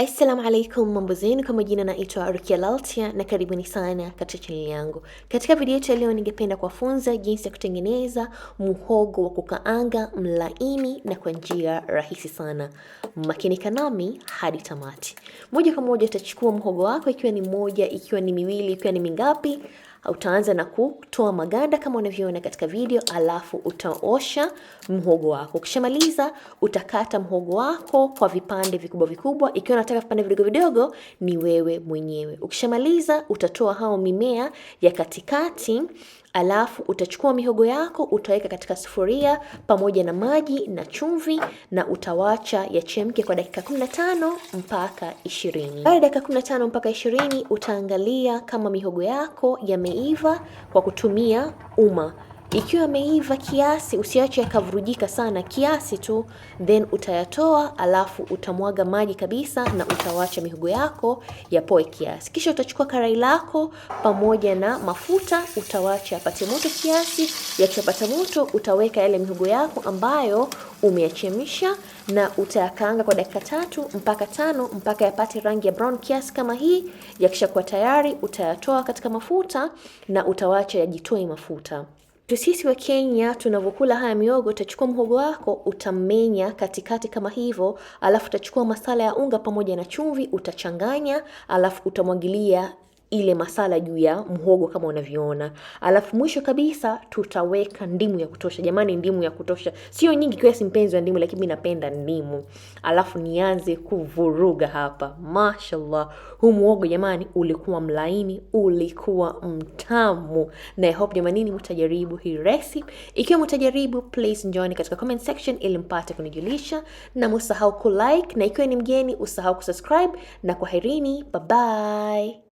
Assalamu alaikum, mambo zenu? Kama jina naitwa Rukia Laltia na karibuni sana katika chaneli yangu. Katika video yetu ya leo, ningependa kuwafunza jinsi ya kutengeneza muhogo wa kukaanga mlaini na kwa njia rahisi sana. Makinika nami hadi tamati. Moja kwa moja utachukua muhogo wako, ikiwa ni moja, ikiwa ni miwili, ikiwa ni mingapi, utaanza na kutoa maganda kama unavyoona katika video, alafu utaosha mhogo wako. Ukishamaliza utakata mhogo wako kwa vipande vikubwa vikubwa, ikiwa unataka vipande vidogo vidogo ni wewe mwenyewe. Ukishamaliza utatoa hao mimea ya katikati Alafu utachukua mihogo yako utaweka katika sufuria pamoja na maji na chumvi na utawacha yachemke kwa dakika 15 mpaka 20. Baada ya dakika 15 mpaka 20 utaangalia kama mihogo yako yameiva kwa kutumia uma. Ikiwa yameiva kiasi, usiache yakavurujika sana, kiasi tu, then utayatoa, alafu utamwaga maji kabisa na utawacha mihogo yako yapoe kiasi. Kisha utachukua karai lako pamoja na mafuta, utawacha yapate moto kiasi. Yakishapata moto, utaweka yale mihogo yako ambayo umeyachemsha na utayakaanga kwa dakika tatu mpaka tano mpaka yapate rangi ya brown kiasi kama hii. Yakishakuwa tayari, utayatoa katika mafuta na utawacha yajitoe mafuta sisi wa Kenya tunavyokula haya miogo, utachukua mhogo wako utamenya katikati kama hivyo, alafu utachukua masala ya unga pamoja na chumvi, utachanganya, alafu utamwagilia ile masala juu ya mhogo kama unavyoona. Alafu mwisho kabisa tutaweka ndimu ya kutosha. Jamani, ndimu ya kutosha sio nyingi si mpenzi wa ndimu, lakini mimi napenda ndimu. Alafu nianze kuvuruga hapa. Mashallah, huu mhogo jamani ulikuwa mlaini, ulikuwa mtamu, na I hope ni mtajaribu hii recipe. Ikiwa mtajaribu, please join katika comment section ili mpate kunijulisha, na msahau like, na ikiwa ni mgeni usahau kusubscribe, na kwaherini, bye bye.